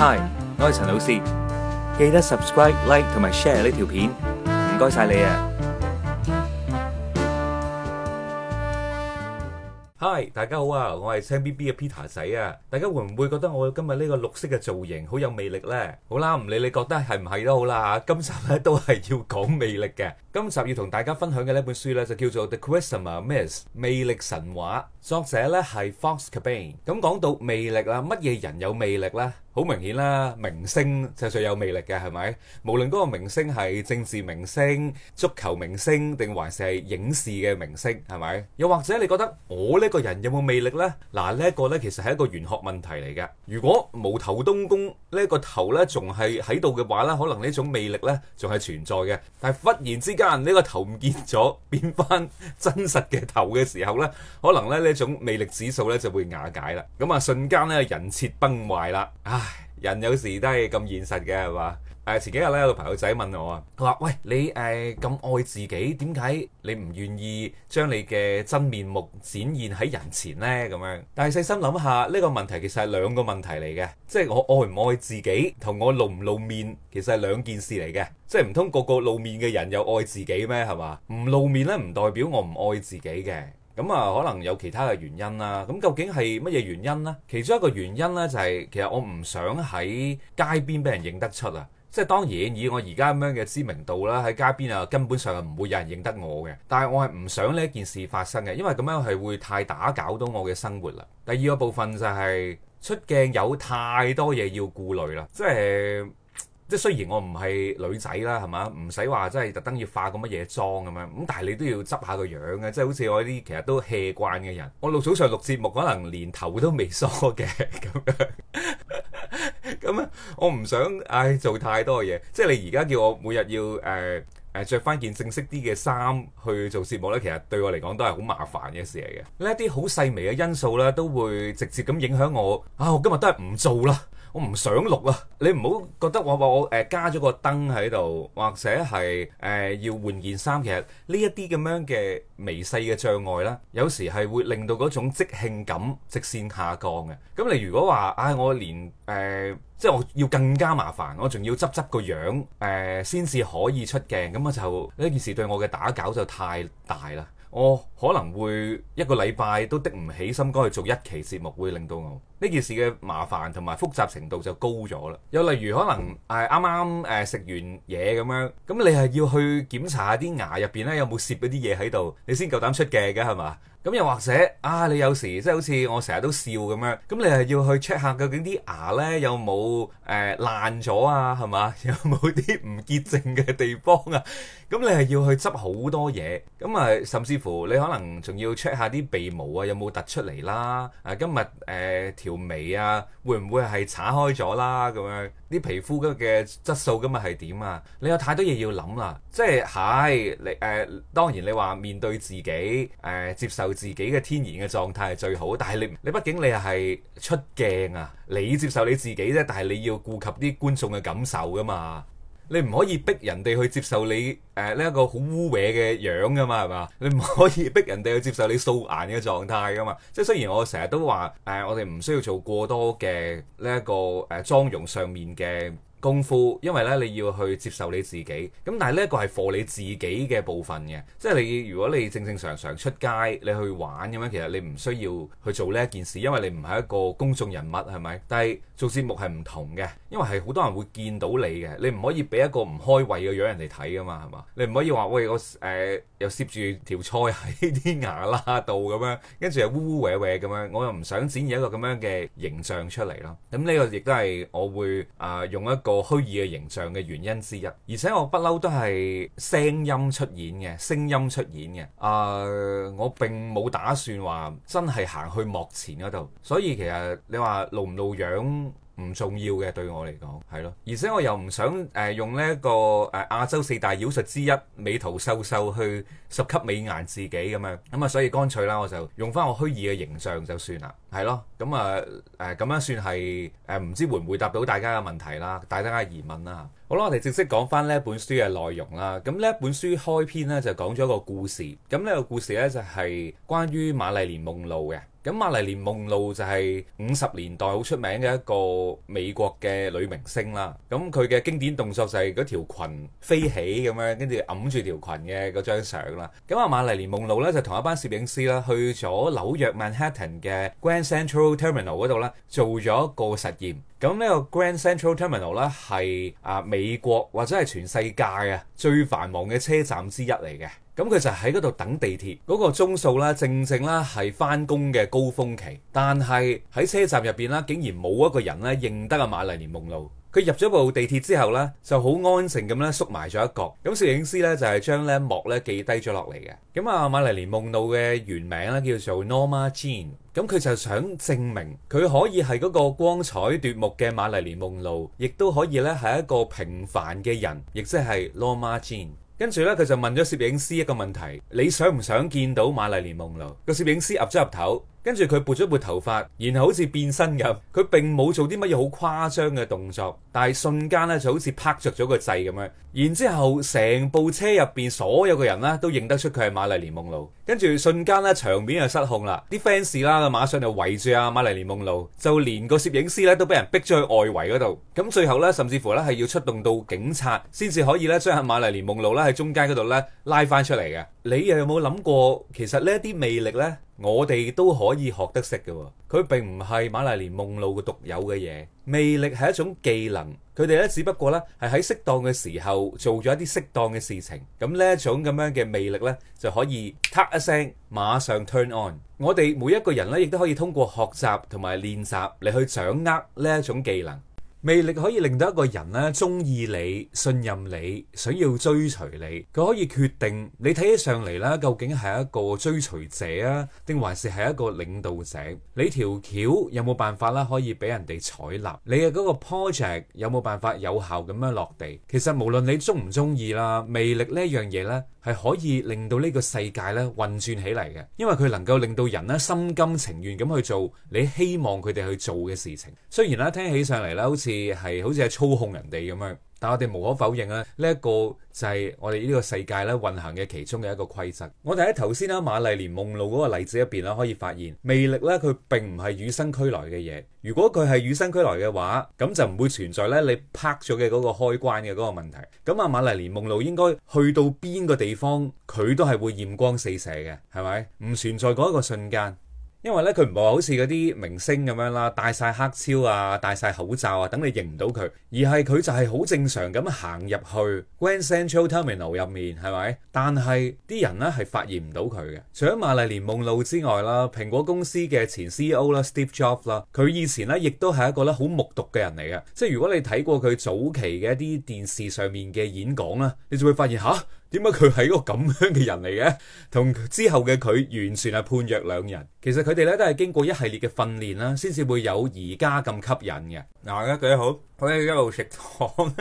Hi，我係陳老師，記得 subscribe、like 同埋 share 呢條片，唔該晒你啊！Hi，大家好啊，我係青 B B 嘅 Peter 仔啊。大家會唔會覺得我今日呢個綠色嘅造型好有魅力咧？好啦，唔理你覺得係唔係都好啦。今集咧都係要講魅力嘅。今集要同大家分享嘅呢本書咧就叫做《The Charisma Myth》，魅力神話。作者咧係 Fox Cabane。咁講到魅力啦，乜嘢人有魅力咧？好明顯啦，明星就最有魅力嘅，係咪？無論嗰個明星係政治明星、足球明星，定還是係影視嘅明星，係咪？又或者你覺得我呢個人有冇魅力呢？嗱，呢一個呢，其實係一個玄學問題嚟嘅。如果無頭東宮呢個頭呢，仲係喺度嘅話呢，可能呢一種魅力呢，仲係存在嘅。但係忽然之間呢個頭唔見咗，變翻真實嘅頭嘅時候呢，可能呢呢一種魅力指數呢就會瓦解啦。咁啊，瞬間呢人設崩壞啦，啊！人有時都係咁現實嘅，係嘛？誒，前幾日咧有個朋友仔問我啊，佢話：「喂，你誒咁、呃、愛自己，點解你唔願意將你嘅真面目展現喺人前呢？」咁樣，但係細心諗下，呢個問題其實係兩個問題嚟嘅，即係我愛唔愛自己同我露唔露面其實係兩件事嚟嘅，即係唔通個個露面嘅人又愛自己咩？係嘛？唔露面咧，唔代表我唔愛自己嘅。咁啊，可能有其他嘅原因啦。咁究竟係乜嘢原因呢？其中一個原因呢，就係，其實我唔想喺街邊俾人認得出啊。即係當然，以我而家咁樣嘅知名度啦，喺街邊啊根本上唔會有人認得我嘅。但係我係唔想呢件事發生嘅，因為咁樣係會太打攪到我嘅生活啦。第二個部分就係出鏡有太多嘢要顧慮啦，即係。即係雖然我唔係女仔啦，係嘛？唔使話即係特登要化個乜嘢妝咁樣，咁但係你都要執下個樣嘅，即係好似我啲其實都 hea 慣嘅人，我錄早上錄節目可能連頭都未梳嘅咁樣，咁 啊我唔想唉、哎、做太多嘢，即係你而家叫我每日要誒。呃着翻件正式啲嘅衫去做節目呢，其實對我嚟講都係好麻煩嘅事嚟嘅。呢一啲好細微嘅因素呢，都會直接咁影響我。啊，我今日都係唔做啦，我唔想錄啦。你唔好覺得我話我誒、呃、加咗個燈喺度，或者係誒、呃、要換件衫。其實呢一啲咁樣嘅微細嘅障礙呢，有時係會令到嗰種即興感直線下降嘅。咁你如果話唉、哎，我連誒。呃即係我要更加麻煩，我仲要執執個樣，誒，先至可以出鏡。咁我就呢件事對我嘅打攪就太大啦。我可能會一個禮拜都的唔起心肝去做一期節目，會令到我呢件事嘅麻煩同埋複雜程度就高咗啦。又例如可能誒，啱啱誒，食完嘢咁樣，咁你係要去檢查下啲牙入邊咧有冇攝嗰啲嘢喺度，你先夠膽出鏡嘅係嘛？咁又或者啊，你有時即係好似我成日都笑咁樣，咁你係要去 check 下究竟啲牙咧有冇誒爛咗啊，係嘛？有冇啲唔潔淨嘅地方啊？咁 你係要去執好多嘢，咁啊，甚至乎你可能仲要 check 下啲鼻毛啊有冇突出嚟啦？啊今日誒條眉啊，會唔會係岔開咗啦，啊？咁樣啲皮膚嘅質素今日係點啊？你有太多嘢要諗啦，即係係你誒、呃、當然你話面對自己誒、呃、接受。自己嘅天然嘅狀態係最好，但係你你畢竟你係出鏡啊，你接受你自己啫，但係你要顧及啲觀眾嘅感受噶嘛，你唔可以逼人哋去接受你誒呢一個好污穢嘅樣噶嘛，係嘛？你唔可以逼人哋去接受你素顏嘅狀態噶嘛，即係雖然我成日都話誒、呃，我哋唔需要做過多嘅呢一個誒、呃、妝容上面嘅功夫，因為咧你要去接受你自己，咁但係呢一個係 for 你自己嘅部分嘅，即係你如果你正正常常出街你去玩咁樣，其實你唔需要去做呢一件事，因為你唔係一個公眾人物係咪？但係做節目係唔同嘅，因為係好多人會見到你嘅，你唔可以俾一個唔開胃嘅樣人哋睇㗎嘛，係嘛？你唔可以話喂，我誒、呃、又攝住條菜喺啲牙罅度咁樣，跟住又烏烏歪歪咁樣，我又唔想展現一個咁樣嘅形象出嚟咯。咁呢個亦都係我會啊、呃、用一個虛擬嘅形象嘅原因之一，而且我不嬲都係聲音出演嘅，聲音出演嘅。啊、呃，我並冇打算話真係行去幕前嗰度，所以其實你話露唔露樣？唔重要嘅對我嚟講，係咯，而且我又唔想誒用呢一個誒亞洲四大妖術之一美圖秀秀去十級美顏自己咁樣，咁、嗯、啊，所以乾脆啦，我就用翻我虛擬嘅形象就算啦，係咯，咁啊誒咁樣算係誒唔知會會回唔會答到大家嘅問題啦，大家嘅疑問啦，好啦，我哋直接講翻呢一本書嘅內容啦，咁呢一本書開篇呢，就講咗一個故事，咁呢個故事呢，就係、是、關於瑪麗蓮夢露嘅。咁瑪麗蓮夢露就係五十年代好出名嘅一個美國嘅女明星啦。咁佢嘅經典動作就係嗰條裙飛起咁樣，跟住揞住條裙嘅嗰張相啦。咁啊，瑪麗蓮夢露咧就同一班攝影師啦，去咗紐約曼哈頓嘅 Grand Central Terminal 嗰度咧，做咗一個實驗。咁呢個 Grand Central Terminal 咧係啊美國或者係全世界嘅最繁忙嘅車站之一嚟嘅。咁佢就喺嗰度等地鐵，嗰個鐘數咧正正咧係翻工嘅高峰期，但係喺車站入邊咧竟然冇一個人咧認得阿馬麗蓮夢露。佢入咗部地鐵之後呢，就好安靜咁咧縮埋咗一角，咁攝影師呢，就係將呢一幕咧記低咗落嚟嘅。咁啊馬麗蓮夢露嘅原名咧叫做 Norma Jean，咁佢就想證明佢可以係嗰個光彩奪目嘅馬麗蓮夢露，亦都可以咧係一個平凡嘅人，亦即係 Norma Jean。跟住咧，佢就問咗攝影師一個問題：你想唔想見到《瑪麗蓮夢露》？個攝影師岌咗岌頭。跟住佢撥咗一撥頭髮，然後好似變身咁。佢並冇做啲乜嘢好誇張嘅動作，但係瞬間咧就好似拍着咗個掣咁樣。然之後成部車入邊所有嘅人咧都認得出佢係瑪麗蓮夢露。跟住瞬間咧場面就失控啦，啲 fans 啦馬上就圍住阿瑪麗蓮夢露，就連個攝影師咧都俾人逼咗去外圍嗰度。咁最後咧甚至乎咧係要出動到警察先至可以咧將阿瑪麗蓮夢露咧喺中間嗰度咧拉翻出嚟嘅。你又有冇諗過其實呢啲魅力呢？我哋都可以學得識㗎喎，佢並唔係瑪麗蓮夢露嘅獨有嘅嘢，魅力係一種技能，佢哋咧只不過咧係喺適當嘅時候做咗一啲適當嘅事情，咁呢一種咁樣嘅魅力咧就可以嗒一聲馬上 turn on，我哋每一個人咧亦都可以通過學習同埋練習嚟去掌握呢一種技能。魅力可以令到一個人咧中意你、信任你、想要追隨你。佢可以決定你睇起上嚟咧，究竟係一個追隨者啊，定還是係一個領導者？你條橋有冇辦法啦，可以俾人哋採納？你嘅嗰個 project 有冇辦法有效咁樣落地？其實無論你中唔中意啦，魅力呢一樣嘢咧，係可以令到呢個世界咧運轉起嚟嘅，因為佢能夠令到人咧心甘情願咁去做你希望佢哋去做嘅事情。雖然啦，聽起上嚟咧好似～係，好似係操控人哋咁樣，但我哋無可否認啊。呢一個就係我哋呢個世界咧運行嘅其中嘅一個規則。我哋喺頭先啦，瑪麗蓮夢露嗰個例子入邊咧，可以發現魅力咧，佢並唔係與生俱來嘅嘢。如果佢係與生俱來嘅話，咁就唔會存在咧你拍咗嘅嗰個開關嘅嗰個問題。咁啊，瑪麗蓮夢露應該去到邊個地方，佢都係會艷光四射嘅，係咪？唔存在嗰一個瞬間。因為咧佢唔係好似嗰啲明星咁樣啦，戴晒黑超啊，戴晒口罩啊，等你認唔到佢，而係佢就係好正常咁行入去 Grand Central Terminal 入面，係咪？但係啲人咧係發現唔到佢嘅。除咗瑪麗蓮夢露之外啦，蘋果公司嘅前 CEO 啦，Steve Jobs 啦，佢以前咧亦都係一個咧好木獨嘅人嚟嘅，即係如果你睇過佢早期嘅一啲電視上面嘅演講啦，你就會發現吓。點解佢係一個咁樣嘅人嚟嘅？同之後嘅佢完全係判若兩人。其實佢哋咧都係經過一系列嘅訓練啦，先至會有而家咁吸引嘅。嗱、啊，大家舉得好，佢一路食糖，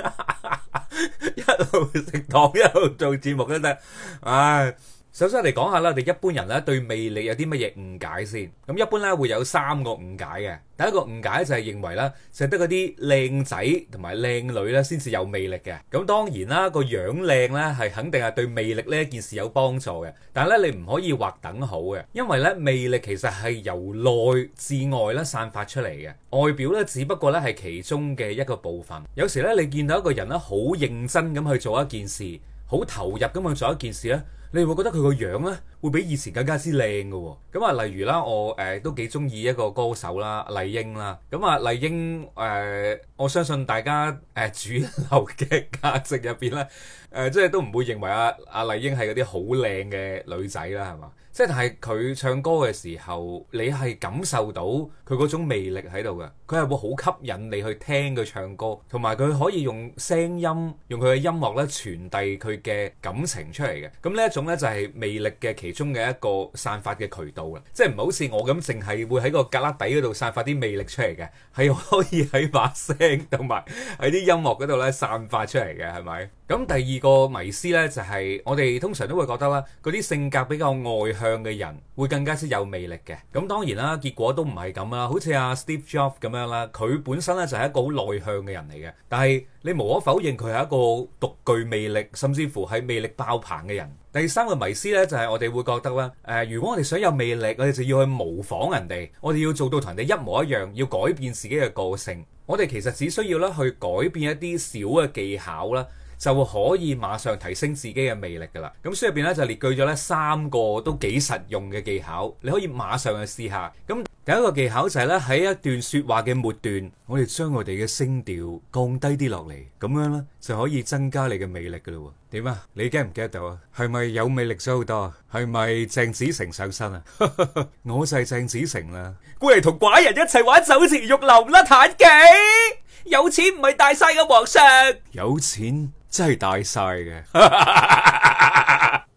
一路食糖，一路做節目，真、哎、係，唉。首先嚟講下啦，我哋一般人咧對魅力有啲乜嘢誤解先？咁一般咧會有三個誤解嘅。第一個誤解就係認為咧，淨係得嗰啲靚仔同埋靚女咧先至有魅力嘅。咁當然啦，個樣靚咧係肯定係對魅力呢一件事有幫助嘅。但係咧你唔可以劃等號嘅，因為咧魅力其實係由內至外咧散發出嚟嘅，外表咧只不過咧係其中嘅一個部分。有時咧你見到一個人咧好認真咁去做一件事，好投入咁去做一件事咧。你會覺得佢個樣咧會比以前更加之靚嘅喎，咁、嗯、啊，例如啦，我誒、呃、都幾中意一個歌手啦，麗英啦，咁、嗯、啊，麗英誒、呃，我相信大家誒、呃、主流嘅價值入邊咧，誒、呃、即係都唔會認為啊，阿、啊、麗英係嗰啲好靚嘅女仔啦，係嘛？即係佢唱歌嘅時候，你係感受到佢嗰種魅力喺度嘅，佢係會好吸引你去聽佢唱歌，同埋佢可以用聲音、用佢嘅音樂咧傳遞佢嘅感情出嚟嘅。咁、嗯、呢一種呢，就係、是、魅力嘅其中嘅一個散發嘅渠道啦。即係唔好似我咁，淨係會喺個旮旯底嗰度散發啲魅力出嚟嘅，係可以喺把聲同埋喺啲音樂嗰度咧散發出嚟嘅，係咪？咁、嗯、第二個迷思呢，就係、是、我哋通常都會覺得啦，嗰啲性格比較外向向嘅人會更加之有魅力嘅，咁當然啦，結果都唔係咁啦，好似阿 Steve Jobs 咁樣啦，佢本身咧就係一個好內向嘅人嚟嘅，但係你無可否認佢係一個獨具魅力，甚至乎係魅力爆棚嘅人。第三個迷思呢，就係我哋會覺得咧，誒、呃，如果我哋想有魅力，我哋就要去模仿人哋，我哋要做到同人哋一模一樣，要改變自己嘅個性，我哋其實只需要咧去改變一啲小嘅技巧啦，就可以馬上提升自己嘅魅力㗎啦！咁書入邊咧就列舉咗咧三個都幾實用嘅技巧，你可以馬上去試下。咁有一個技巧就係咧，喺一段說話嘅末段，我哋將我哋嘅聲調降低啲落嚟，咁樣呢就可以增加你嘅魅力噶啦。點啊？你 get 唔 get 到啊？係咪有魅力咗好多啊？係咪鄭子成上身啊？ 我就係鄭子成啦，過嚟同寡人一齊玩酒池肉林啦。妲己。有錢唔係大晒嘅，皇上，有錢真係大晒嘅。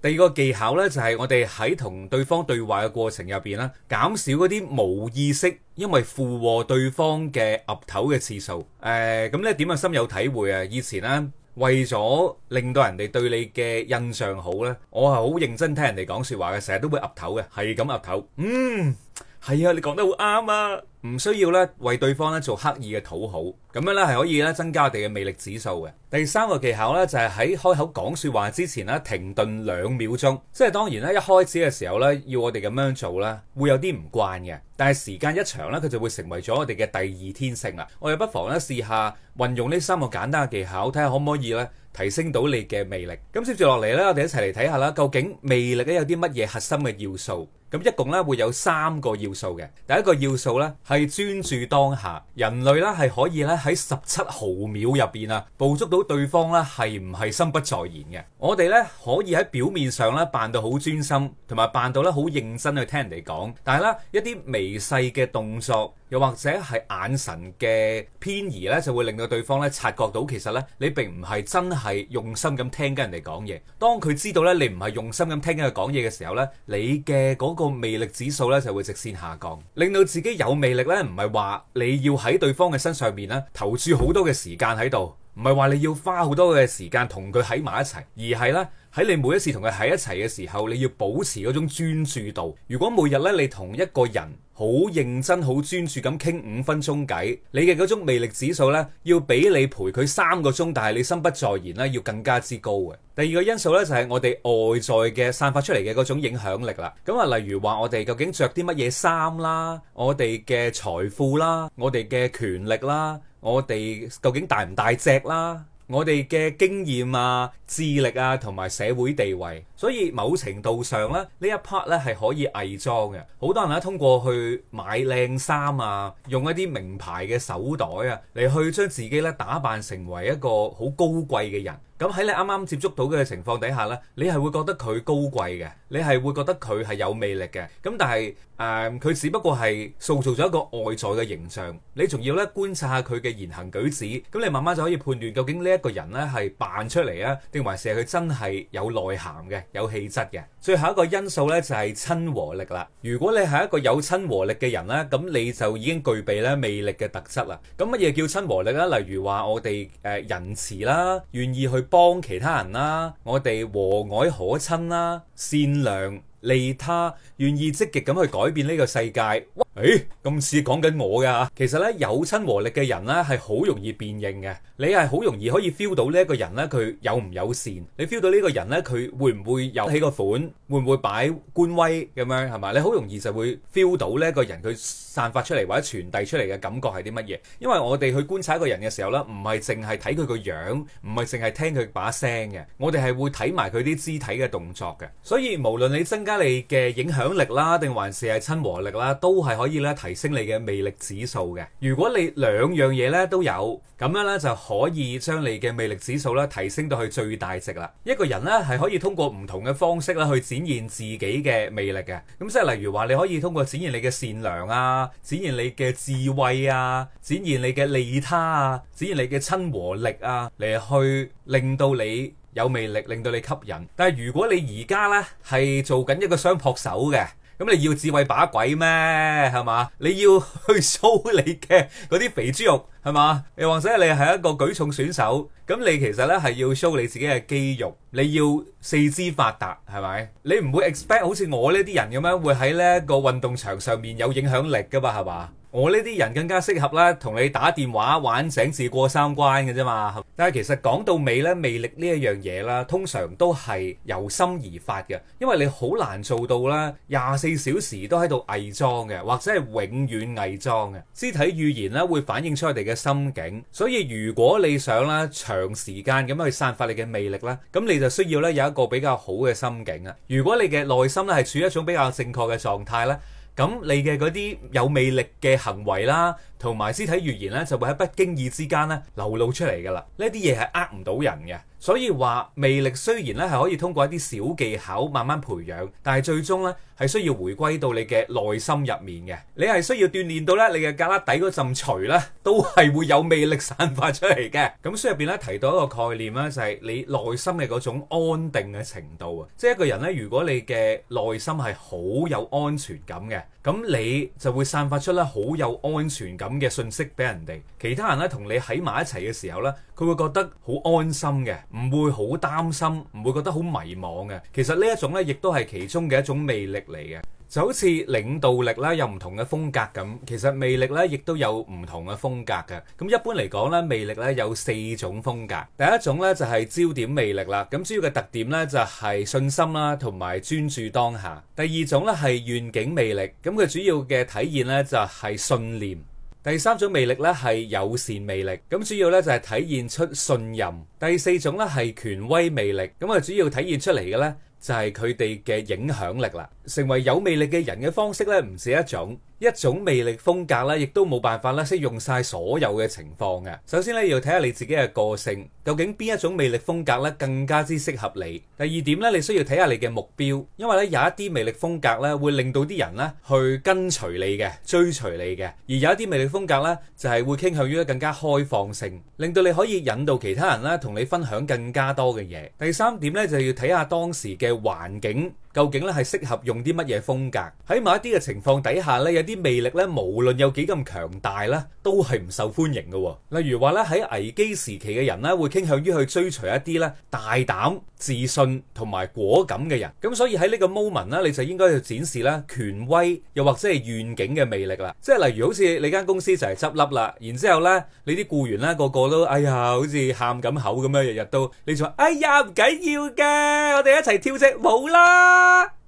第二個技巧呢，就係我哋喺同對方對話嘅過程入邊呢，減少嗰啲冇意識，因為附和對方嘅岌頭嘅次數。誒、呃，咁呢點啊深有體會啊！以前呢為咗令到人哋對你嘅印象好呢，我係好認真聽人哋講說話嘅，成日都會岌頭嘅，係咁岌頭，嗯。係啊，你講得好啱啊！唔需要咧，為對方咧做刻意嘅討好，咁樣咧係可以咧增加我哋嘅魅力指數嘅。第三個技巧呢，就係喺開口講說話之前咧停頓兩秒鐘，即係當然咧一開始嘅時候呢，要我哋咁樣做呢，會有啲唔慣嘅，但係時間一長呢，佢就會成為咗我哋嘅第二天性啦。我哋不妨呢，試下運用呢三個簡單嘅技巧，睇下可唔可以呢，提升到你嘅魅力。咁接住落嚟呢，我哋一齊嚟睇下啦，究竟魅力咧有啲乜嘢核心嘅要素？咁一共咧會有三個要素嘅。第一個要素呢，係專注當下，人類呢，係可以咧喺十七毫秒入邊啊捕捉到對方呢，係唔係心不在焉嘅。我哋呢，可以喺表面上呢，扮到好專心，同埋扮到呢好認真去聽人哋講。但係呢，一啲微細嘅動作，又或者係眼神嘅偏移呢，就會令到對方呢察覺到其實呢，你並唔係真係用心咁聽緊人哋講嘢。當佢知道呢，你唔係用心咁聽緊佢講嘢嘅時候呢，你嘅個魅力指數咧，就會直線下降。令到自己有魅力咧，唔係話你要喺對方嘅身上面咧投注好多嘅時間喺度。唔係話你要花好多嘅時間同佢喺埋一齊，而係呢，喺你每一次同佢喺一齊嘅時候，你要保持嗰種專注度。如果每日呢，你同一個人好認真、好專注咁傾五分鐘偈，你嘅嗰種魅力指數呢，要比你陪佢三個鐘，但係你心不在焉呢，要更加之高嘅。第二個因素呢，就係我哋外在嘅散發出嚟嘅嗰種影響力啦。咁啊，例如話我哋究竟着啲乜嘢衫啦，我哋嘅財富啦，我哋嘅權力啦。我哋究竟大唔大隻啦，啊？我哋嘅經驗啊、智力啊同埋社會地位。所以某程度上咧，呢一 part 咧係可以偽裝嘅。好多人咧通過去買靚衫啊，用一啲名牌嘅手袋啊，嚟去將自己咧打扮成為一個好高貴嘅人。咁喺你啱啱接觸到嘅情況底下咧，你係會覺得佢高貴嘅，你係會覺得佢係有魅力嘅。咁但係誒，佢只不過係塑造咗一個外在嘅形象。你仲要咧觀察下佢嘅言行舉止，咁你慢慢就可以判斷究竟呢一個人咧係扮出嚟啊，定還是係佢真係有內涵嘅。有氣質嘅最後一個因素呢，就係、是、親和力啦。如果你係一個有親和力嘅人呢，咁你就已經具備呢魅力嘅特質啦。咁乜嘢叫親和力呢？例如話我哋誒、呃、仁慈啦，願意去幫其他人啦，我哋和藹可親啦，善良。利他願意積極咁去改變呢個世界。誒咁似講緊我㗎。其實呢，有親和力嘅人呢係好容易辨認嘅。你係好容易可以 feel 到呢一個人呢，佢友唔友善。你 feel 到呢個人呢，佢會唔會有起個款？會唔會擺官威咁樣係咪？你好容易就會 feel 到呢一個人佢散發出嚟或者傳遞出嚟嘅感覺係啲乜嘢？因為我哋去觀察一個人嘅時候呢，唔係淨係睇佢個樣，唔係淨係聽佢把聲嘅。我哋係會睇埋佢啲肢體嘅動作嘅。所以無論你增加家你嘅影響力啦，定還是係親和力啦，都係可以咧提升你嘅魅力指數嘅。如果你兩樣嘢咧都有，咁樣咧就可以將你嘅魅力指數咧提升到去最大值啦。一個人咧係可以通過唔同嘅方式咧去展現自己嘅魅力嘅。咁即係例如話，你可以通過展現你嘅善良啊，展現你嘅智慧啊，展現你嘅利他啊，展現你嘅親和力啊嚟去令到你。有魅力，令到你吸引，但係如果你而家呢，係做緊一個雙撲手嘅，咁你要智慧把鬼咩係嘛？你要去 show 你嘅嗰啲肥豬肉係嘛？又或者你係一個舉重選手，咁你其實呢係要 show 你自己嘅肌肉，你要四肢發達係咪？你唔會 expect 好似我呢啲人咁樣會喺呢個運動場上面有影響力㗎嘛？係嘛？我呢啲人更加適合啦，同你打電話玩井字過三關嘅啫嘛。但係其實講到尾呢，魅力呢一樣嘢啦，通常都係由心而發嘅，因為你好難做到啦。廿四小時都喺度偽裝嘅，或者係永遠偽裝嘅。肢體語言呢會反映出我哋嘅心境，所以如果你想啦，長時間咁樣去散發你嘅魅力啦，咁你就需要呢有一個比較好嘅心境啊。如果你嘅內心呢係處於一種比較正確嘅狀態呢。咁你嘅嗰啲有魅力嘅行為啦。同埋，肢體語言咧就會喺不經意之間咧流露出嚟㗎喇。呢啲嘢係呃唔到人嘅，所以話魅力雖然咧係可以通過一啲小技巧慢慢培養，但係最終咧係需要回歸到你嘅內心入面嘅。你係需要鍛鍊到咧你嘅胳肋底嗰陣臭啦，都係會有魅力散發出嚟嘅。咁書入邊咧提到一個概念啦，就係你內心嘅嗰種安定嘅程度啊。即係一個人咧，如果你嘅內心係好有安全感嘅，咁你就會散發出咧好有安全感。咁嘅信息，俾人哋，其他人呢同你喺埋一齊嘅時候呢，佢會覺得好安心嘅，唔會好擔心，唔會覺得好迷茫嘅。其實呢一種呢，亦都係其中嘅一種魅力嚟嘅。就好似領導力啦，有唔同嘅風格咁，其實魅力呢亦都有唔同嘅風格嘅。咁一般嚟講呢，魅力呢有四種風格。第一種呢就係焦點魅力啦，咁主要嘅特點呢就係信心啦，同埋專注當下。第二種呢係願景魅力，咁佢主要嘅體現呢就係信念。第三種魅力呢係友善魅力，咁主要呢就係體現出信任。第四種呢係權威魅力，咁啊，主要體現出嚟嘅呢就係佢哋嘅影響力啦。成為有魅力嘅人嘅方式呢唔止一種。一種魅力風格咧，亦都冇辦法咧，適用晒所有嘅情況嘅。首先咧，要睇下你自己嘅個性，究竟邊一種魅力風格咧更加之適合你。第二點咧，你需要睇下你嘅目標，因為咧有一啲魅力風格咧會令到啲人咧去跟隨你嘅，追隨你嘅，而有一啲魅力風格咧就係會傾向於更加開放性，令到你可以引導其他人咧同你分享更加多嘅嘢。第三點咧，就要睇下當時嘅環境。究竟咧係適合用啲乜嘢風格？喺某一啲嘅情況底下咧，有啲魅力咧，無論有幾咁強大咧，都係唔受歡迎嘅。例如話咧，喺危機時期嘅人咧，會傾向於去追隨一啲咧大膽、自信同埋果敢嘅人。咁所以喺呢個 moment 咧，你就應該去展示咧權威又或者係願景嘅魅力啦。即係例如好似你間公司就係執笠啦，然之後咧你啲僱員咧個個都哎呀，好似喊咁口咁樣，日日都你仲話哎呀唔緊要嘅，我哋一齊跳隻舞啦。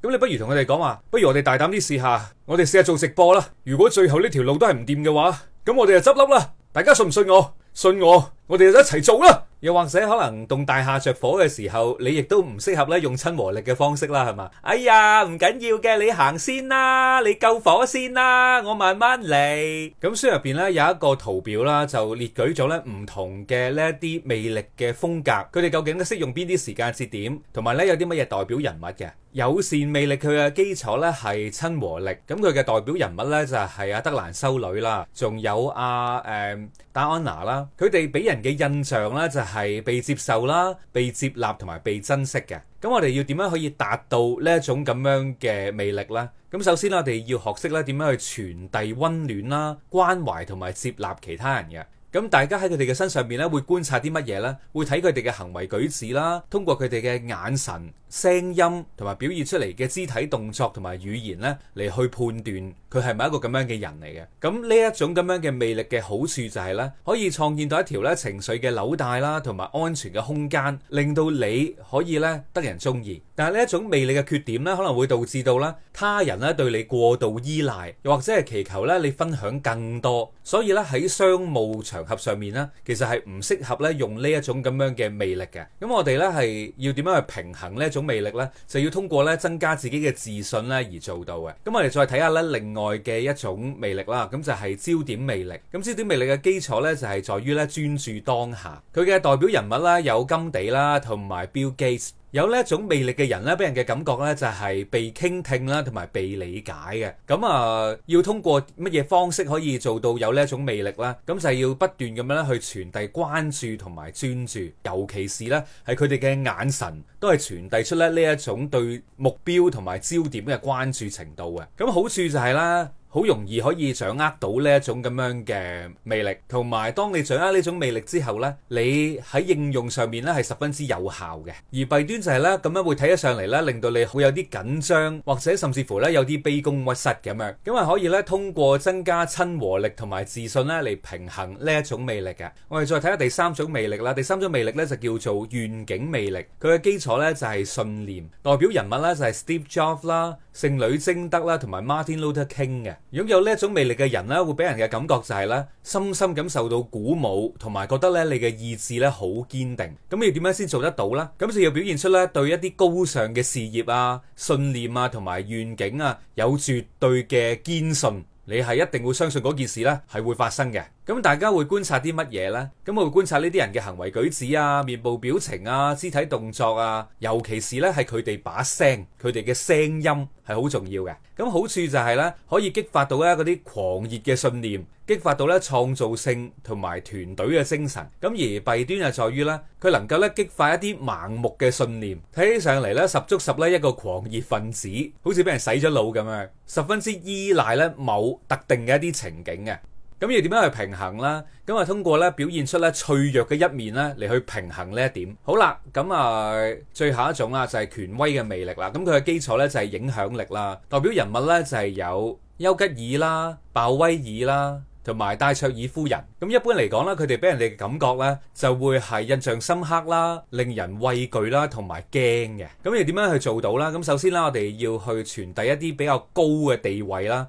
咁你不如同佢哋講話，不如我哋大膽啲試下，我哋試下做直播啦。如果最後呢條路都係唔掂嘅話，咁我哋就執笠啦。大家信唔信我？信我，我哋就一齊做啦。又或者可能棟大廈着火嘅時候，你亦都唔適合咧用親和力嘅方式啦，係嘛？哎呀，唔緊要嘅，你行先啦，你救火先啦，我慢慢嚟。咁書入邊咧有一個圖表啦，就列舉咗咧唔同嘅呢一啲魅力嘅風格，佢哋究竟呢適用邊啲時間節點，同埋咧有啲乜嘢代表人物嘅。友善魅力佢嘅基礎咧係親和力，咁佢嘅代表人物呢，就係阿德蘭修女啦，仲有阿誒戴安娜啦，佢哋俾人嘅印象呢，就係被接受啦、被接納同埋被珍惜嘅。咁我哋要點樣可以達到呢一種咁樣嘅魅力呢？咁首先我哋要學識咧點樣去傳遞溫暖啦、關懷同埋接納其他人嘅。咁大家喺佢哋嘅身上面咧會觀察啲乜嘢呢？會睇佢哋嘅行為舉止啦，通過佢哋嘅眼神。聲音同埋表現出嚟嘅肢體動作同埋語言咧，嚟去判斷佢係咪一個咁樣嘅人嚟嘅。咁呢一種咁樣嘅魅力嘅好處就係咧，可以創建到一條咧情緒嘅紐帶啦，同埋安全嘅空間，令到你可以咧得人中意。但係呢一種魅力嘅缺點咧，可能會導致到咧他人咧對你過度依賴，又或者係祈求咧你分享更多。所以咧喺商務場合上面咧，其實係唔適合咧用呢一種咁樣嘅魅力嘅。咁我哋咧係要點樣去平衡呢一種？魅力咧就要通過咧增加自己嘅自信咧而做到嘅。咁我哋再睇下咧另外嘅一種魅力啦，咁就係焦點魅力。咁焦點魅力嘅基礎咧就係在於咧專注當下。佢嘅代表人物啦有甘地啦同埋 Bill Gates。有呢一種魅力嘅人呢，俾人嘅感覺呢，就係被傾聽啦，同埋被理解嘅。咁啊，要通過乜嘢方式可以做到有呢一種魅力呢？咁就係要不斷咁樣去傳遞關注同埋專注，尤其是呢，係佢哋嘅眼神都係傳遞出咧呢一種對目標同埋焦點嘅關注程度嘅。咁好處就係啦。好容易可以掌握到呢一種咁樣嘅魅力，同埋當你掌握呢種魅力之後呢，你喺應用上面呢係十分之有效嘅。而弊端就係呢，咁樣會睇得上嚟呢，令到你好有啲緊張，或者甚至乎呢有啲卑躬屈膝咁樣。咁啊可以呢，通過增加親和力同埋自信呢嚟平衡呢一種魅力嘅。我哋再睇下第三種魅力啦。第三種魅力呢，就叫做願景魅力，佢嘅基礎呢，就係信念，代表人物呢，就係 Steve Jobs 啦。聖女貞德啦，同埋 Martin Luther King 嘅。擁有呢一種魅力嘅人咧，會俾人嘅感覺就係呢：深深感受到鼓舞，同埋覺得呢你嘅意志呢好堅定。咁你要點樣先做得到咧？咁就要表現出呢對一啲高尚嘅事業啊、信念啊同埋願景啊有絕對嘅堅信，你係一定會相信嗰件事呢係會發生嘅。咁大家會觀察啲乜嘢呢？咁我會觀察呢啲人嘅行為舉止啊、面部表情啊、肢體動作啊，尤其是呢係佢哋把聲、佢哋嘅聲音係好重要嘅。咁好處就係呢，可以激發到咧嗰啲狂熱嘅信念，激發到咧創造性同埋團隊嘅精神。咁而弊端就在於呢，佢能夠咧激發一啲盲目嘅信念。睇起上嚟呢，十足十呢一個狂熱分子，好似俾人洗咗腦咁樣，十分之依賴呢某特定嘅一啲情景嘅。咁要點樣去平衡啦？咁啊，通過咧表現出咧脆弱嘅一面咧，嚟去平衡呢一點。好啦，咁啊，最後一種啦，就係權威嘅魅力啦。咁佢嘅基礎咧就係影響力啦。代表人物咧就係有丘吉爾啦、鮑威爾啦，同埋戴卓爾夫人。咁一般嚟講咧，佢哋俾人哋嘅感覺咧就會係印象深刻啦、令人畏懼啦、同埋驚嘅。咁要點樣去做到啦？咁首先咧，我哋要去傳遞一啲比較高嘅地位啦。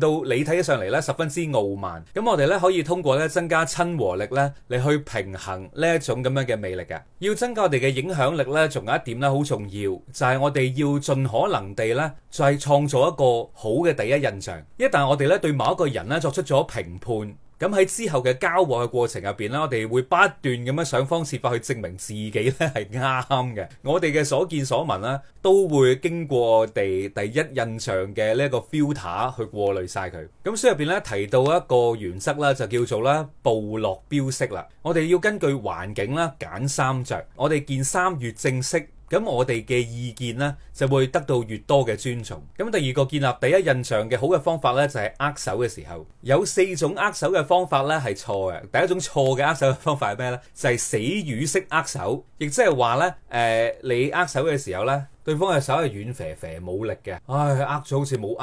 到你睇起上嚟咧，十分之傲慢。咁我哋咧可以通過咧增加親和力咧，嚟去平衡呢一種咁樣嘅魅力嘅。要增加我哋嘅影響力咧，仲有一點咧好重要，就係、是、我哋要盡可能地咧，就係創造一個好嘅第一印象。一旦我哋咧對某一個人咧作出咗評判。咁喺之後嘅交往嘅過程入邊呢，我哋會不斷咁樣想方設法去證明自己咧係啱嘅。我哋嘅所見所聞呢，都會經過我哋第一印象嘅呢一個 filter 去過濾晒佢。咁書入邊呢，提到一個原則啦，就叫做咧部落標識啦。我哋要根據環境啦揀衫着。我哋件衫越正式。咁我哋嘅意見呢，就會得到越多嘅尊重。咁第二個建立第一印象嘅好嘅方法呢，就係、是、握手嘅時候，有四種握手嘅方法呢係錯嘅。第一種錯嘅握手嘅方法係咩呢？就係、是、死魚式握手，亦即係話呢，誒、呃、你握手嘅時候呢。對方嘅手係軟肥肥，冇力嘅，唉，佢握咗好似冇握，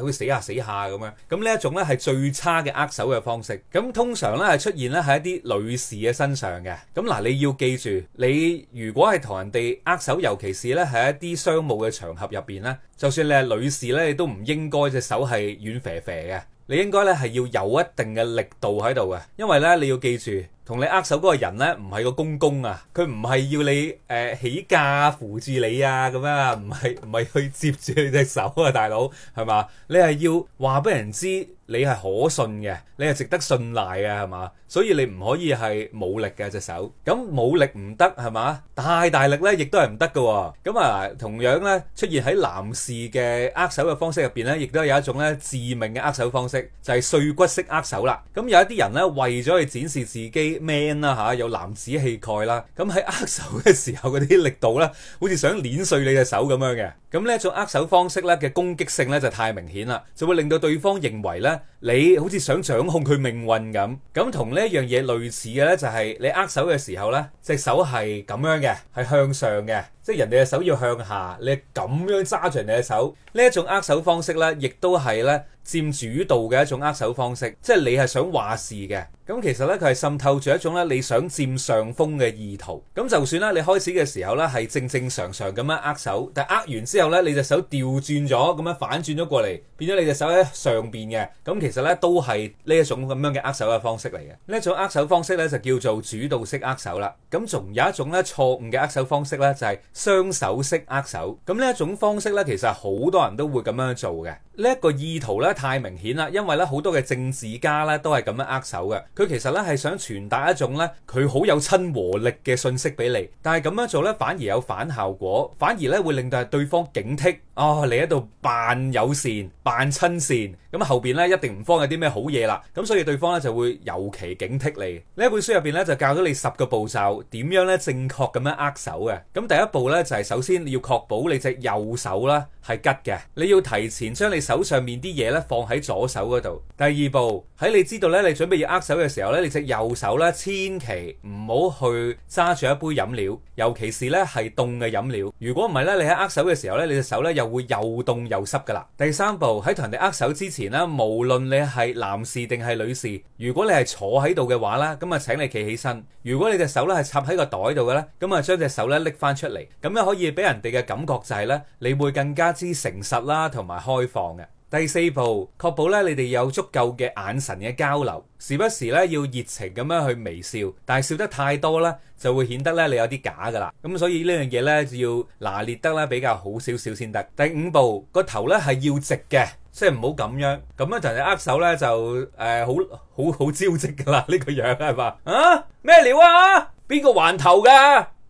好似死下死下咁樣。咁呢一種呢係最差嘅握手嘅方式。咁通常呢係出現呢喺一啲女士嘅身上嘅。咁嗱，你要記住，你如果係同人哋握手，尤其是呢喺一啲商務嘅場合入邊呢，就算你係女士呢，你都唔應該隻手係軟肥肥嘅。你應該呢係要有一定嘅力度喺度嘅，因為呢你要記住。同你握手嗰個人呢，唔係個公公啊，佢唔係要你誒起架扶住你啊，咁樣啊，唔係唔係去接住你隻手啊，大佬，係嘛？你係要話俾人知你係可信嘅，你係值得信賴嘅，係嘛？所以你唔可以係冇力嘅隻手，咁冇力唔得係嘛？太大力呢，亦都係唔得嘅。咁啊，同樣呢出現喺男士嘅握手嘅方式入邊呢，亦都有一種呢致命嘅握手方式，就係碎骨式握手啦。咁有一啲人呢，為咗去展示自己，man 啦吓，有男子氣概啦。咁喺握手嘅時候，嗰啲力度咧，好似想碾碎你隻手咁樣嘅。咁呢一種握手方式咧嘅攻擊性咧就太明顯啦，就會令到對方認為咧，你好似想掌控佢命運咁。咁同呢一樣嘢類似嘅咧，就係你握手嘅時候咧，隻手係咁樣嘅，係向上嘅，即係人哋嘅手要向下，你咁樣揸住人哋嘅手。呢一種握手方式咧，亦都係咧。佔主導嘅一種握手方式，即係你係想話事嘅。咁其實呢，佢係滲透住一種呢你想佔上風嘅意圖。咁就算咧，你開始嘅時候呢係正正常常咁樣握手，但係握完之後呢，你隻手調轉咗，咁樣反轉咗過嚟，變咗你隻手喺上邊嘅。咁其實呢，都係呢一種咁樣嘅握手嘅方式嚟嘅。呢一種握手方式呢，就叫做主導式握手啦。咁仲有一種呢錯誤嘅握手方式呢，就係雙手式握手。咁呢一種方式呢，其實好多人都會咁樣做嘅。呢一個意圖呢太明顯啦，因為咧好多嘅政治家咧都係咁樣握手嘅，佢其實咧係想傳達一種咧佢好有親和力嘅訊息俾你，但係咁樣做咧反而有反效果，反而咧會令到係對方警惕，哦，你喺度扮友善、扮親善，咁後邊咧一定唔方有啲咩好嘢啦，咁所以對方咧就會尤其警惕你。呢一本書入邊咧就教咗你十個步驟，點樣咧正確咁樣握手嘅。咁第一步咧就係首先你要確保你隻右手啦。係拮嘅，你要提前將你手上面啲嘢咧放喺左手嗰度。第二步喺你知道咧，你準備要握手嘅時候咧，你隻右手咧，千祈唔好去揸住一杯飲料，尤其是咧係凍嘅飲料。如果唔係咧，你喺握手嘅時候咧，你隻手咧又會又凍又濕噶啦。第三步喺同人哋握手之前啦，無論你係男士定係女士，如果你係坐喺度嘅話咧，咁啊請你企起身。如果你隻手咧係插喺個袋度嘅咧，咁啊將隻手咧拎翻出嚟，咁樣可以俾人哋嘅感覺就係咧，你會更加。之誠實啦，同埋開放嘅第四步，確保咧你哋有足夠嘅眼神嘅交流，時不時咧要熱情咁樣去微笑，但係笑得太多呢，就會顯得咧你有啲假噶啦，咁所以呢樣嘢呢，就要拿捏得咧比較好少少先得。第五步個頭呢係要直嘅，即係唔好咁樣咁樣就係握手呢，就誒好好好招積㗎啦，呢、這個樣係嘛啊咩料啊，邊、啊、個環頭㗎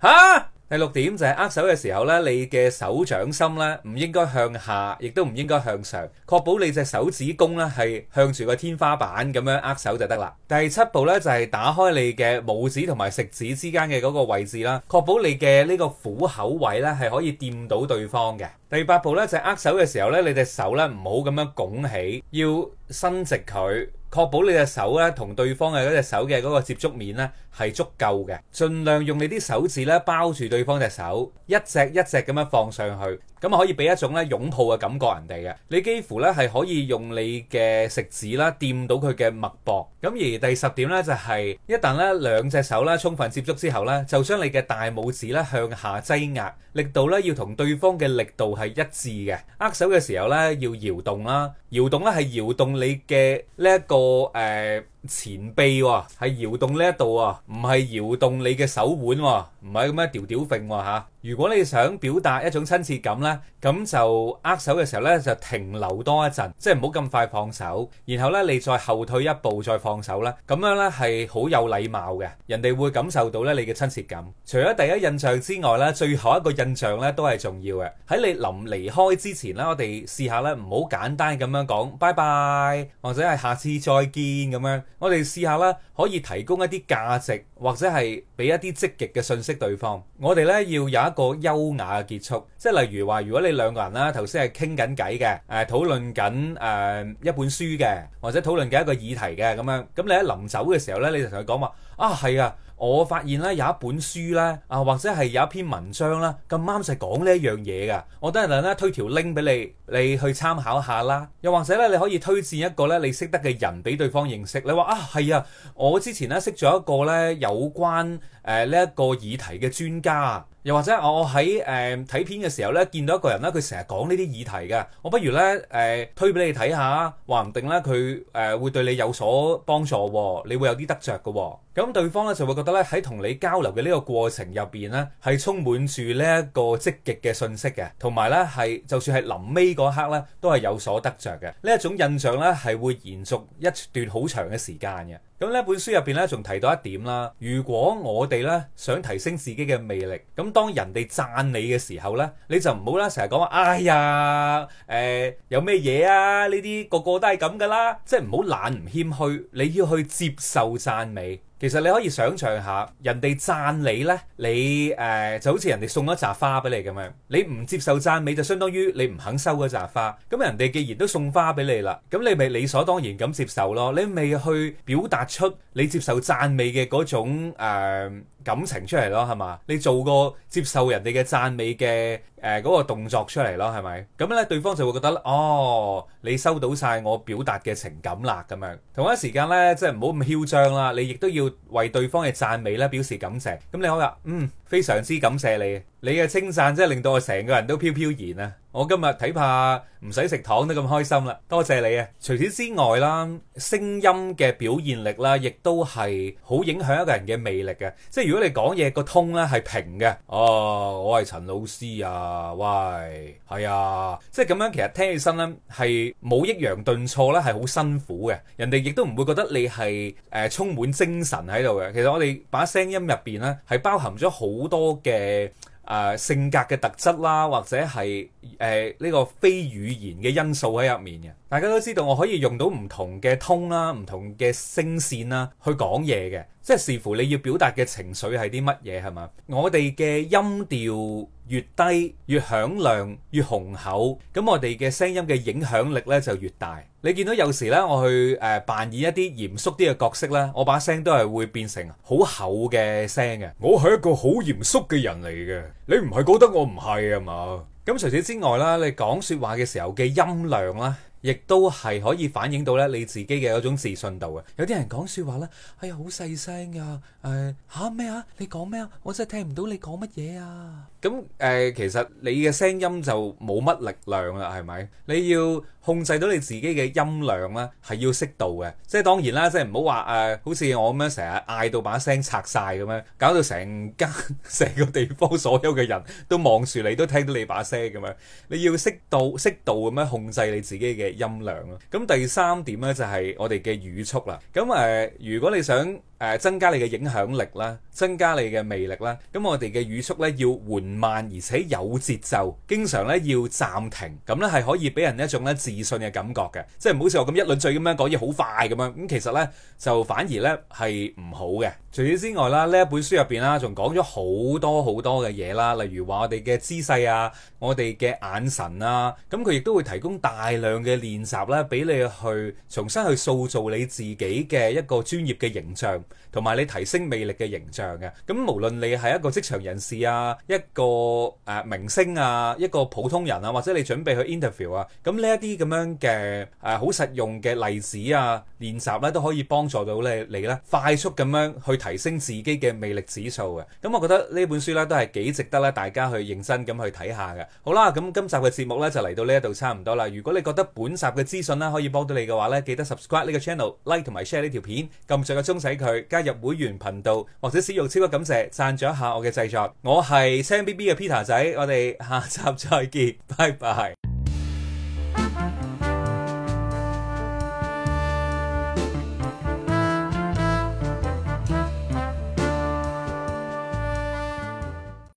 嚇？啊第六點就係握手嘅時候咧，你嘅手掌心咧唔應該向下，亦都唔應該向上，確保你隻手指公咧係向住個天花板咁樣握手就得啦。第七步咧就係打開你嘅拇指同埋食指之間嘅嗰個位置啦，確保你嘅呢個虎口位咧係可以掂到對方嘅。第八步咧就係握手嘅時候咧，你隻手咧唔好咁樣拱起，要伸直佢，確保你隻手咧同對方嘅嗰隻手嘅嗰個接觸面咧係足夠嘅，盡量用你啲手指咧包住對方隻手，一隻一隻咁樣放上去。咁啊，可以俾一種咧擁抱嘅感覺人哋嘅，你幾乎咧係可以用你嘅食指啦，掂到佢嘅脈搏。咁而第十點呢，就係一旦咧兩隻手咧充分接觸之後呢，就將你嘅大拇指呢向下擠壓，力度呢要同對方嘅力度係一致嘅。握手嘅時候呢，要搖動啦，搖動呢係搖動你嘅呢一個誒、呃前臂喎，係搖動呢一度喎，唔係搖動你嘅手腕喎，唔係咁樣屌屌揈喎。如果你想表達一種親切感呢，咁就握手嘅時候呢，就停留多一陣，即係唔好咁快放手，然後呢，你再後退一步再放手咧，咁樣呢係好有禮貌嘅，人哋會感受到呢你嘅親切感。除咗第一印象之外呢，最後一個印象呢都係重要嘅。喺你臨離開之前呢，我哋試下呢，唔好簡單咁樣講拜拜，或者係下次再見咁樣。我哋試下啦，可以提供一啲價值，或者係俾一啲積極嘅信息對方。我哋咧要有一個優雅嘅結束，即係例如話，如果你兩個人啦，頭先係傾緊偈嘅，誒討論緊誒一本書嘅，或者討論緊一個議題嘅咁樣，咁你喺臨走嘅時候咧，你就同佢講話，啊，係啊。我發現咧有一本書咧啊，或者係有一篇文章咧咁啱就係講呢一樣嘢嘅，我等陣咧推條 link 俾你，你去參考下啦。又或者咧，你可以推薦一個咧你識得嘅人俾對方認識。你話啊，係啊，我之前咧識咗一個咧有關。誒呢一個議題嘅專家，又或者我喺誒睇片嘅時候呢，見到一個人呢佢成日講呢啲議題嘅，我不如呢誒、呃、推俾你睇下，話唔定呢，佢、呃、誒會對你有所幫助，你會有啲得著嘅、哦。咁對方呢，就會覺得呢喺同你交流嘅呢個過程入邊呢，係充滿住呢一個積極嘅信息嘅，同埋呢係就算係臨尾嗰刻呢，都係有所得着嘅。呢一種印象呢，係會延續一段好長嘅時間嘅。咁呢本書入邊呢，仲提到一點啦。如果我哋呢想提升自己嘅魅力，咁當人哋讚你嘅時候呢，你就唔好咧成日講話，哎呀，誒、呃、有咩嘢啊？呢啲個個都係咁噶啦，即係唔好懶唔謙虛，你要去接受讚美。其實你可以想象下，人哋讚你呢，你誒、呃、就好似人哋送一扎花俾你咁樣，你唔接受讚美就相當於你唔肯收嗰扎花。咁人哋既然都送花俾你啦，咁你咪理所當然咁接受咯。你未去表達出你接受讚美嘅嗰種、呃感情出嚟咯，係嘛？你做個接受人哋嘅讚美嘅誒嗰個動作出嚟咯，係咪？咁咧，對方就會覺得哦，你收到晒我表達嘅情感啦，咁樣。同一時間咧，即係唔好咁囂張啦，你亦都要為對方嘅讚美咧表示感謝。咁你可以話，嗯，非常之感謝你，你嘅稱讚即係令到我成個人都飄飄然啊！我今日睇怕唔使食糖都咁開心啦，多謝你啊！除此之外啦，聲音嘅表現力啦，亦都係好影響一個人嘅魅力嘅。即係如果你講嘢個 tone 呢係平嘅，哦，我係陳老師啊，喂，係呀、啊！即係咁樣其實聽起身呢，係冇抑揚頓挫呢係好辛苦嘅，人哋亦都唔會覺得你係誒、呃、充滿精神喺度嘅。其實我哋把聲音入邊呢，係包含咗好多嘅。誒、呃、性格嘅特質啦，或者係誒呢個非語言嘅因素喺入面嘅。大家都知道，我可以用到唔同嘅 tone 啦、唔同嘅聲線啦，去講嘢嘅。即係視乎你要表達嘅情緒係啲乜嘢係嘛，我哋嘅音調越低，越響亮越雄厚，咁我哋嘅聲音嘅影響力呢就越大。你見到有時呢，我去誒扮演一啲嚴肅啲嘅角色呢，我把聲都係會變成好厚嘅聲嘅。我係一個好嚴肅嘅人嚟嘅，你唔係覺得我唔係係嘛？咁除此之外啦，你講說話嘅時候嘅音量啦。亦都係可以反映到咧你自己嘅嗰種自信度嘅。有啲人講說話咧，哎呀好細聲、呃、啊，誒嚇咩啊？你講咩啊？我真係聽唔到你講乜嘢啊。咁誒、嗯呃，其實你嘅聲音就冇乜力量啦，係咪？你要控制到你自己嘅音量啦，係要適度嘅，即係當然啦，即係唔好話誒，好似我咁樣成日嗌到把聲拆晒咁樣，搞到成間成個地方所有嘅人都望住你，都聽到你把聲咁樣，你要適度適度咁樣控制你自己嘅音量咯。咁第三點呢，就係、是、我哋嘅語速啦。咁誒、呃，如果你想誒增加你嘅影響力啦，增加你嘅魅力啦。咁我哋嘅語速咧要緩慢，而且有節奏，經常咧要暫停，咁咧係可以俾人一種咧自信嘅感覺嘅。即係唔好似我咁一輪嘴咁樣講嘢好快咁樣。咁其實咧就反而咧係唔好嘅。除此之外啦，呢一本書入邊啦，仲講咗好多好多嘅嘢啦，例如話我哋嘅姿勢啊，我哋嘅眼神啊，咁佢亦都會提供大量嘅練習咧，俾你去重新去塑造你自己嘅一個專業嘅形象，同埋你提升魅力嘅形象嘅。咁無論你係一個職場人士啊，一個誒明星啊，一個普通人啊，或者你準備去 interview 啊，咁呢一啲咁樣嘅誒好實用嘅例子啊，練習咧都可以幫助到你你咧快速咁樣去。提升自己嘅魅力指數嘅，咁我覺得呢本書呢，都係幾值得咧大家去認真咁去睇下嘅。好啦，咁今集嘅節目呢，就嚟到呢一度差唔多啦。如果你覺得本集嘅資訊呢，可以幫到你嘅話呢，記得 subscribe 呢個 channel、like 同埋 share 呢條片，撳最個鐘使佢加入會員頻道，或者使用超級感謝贊助一下我嘅製作。我係 Sam B B 嘅 Peter 仔，我哋下集再見，拜拜。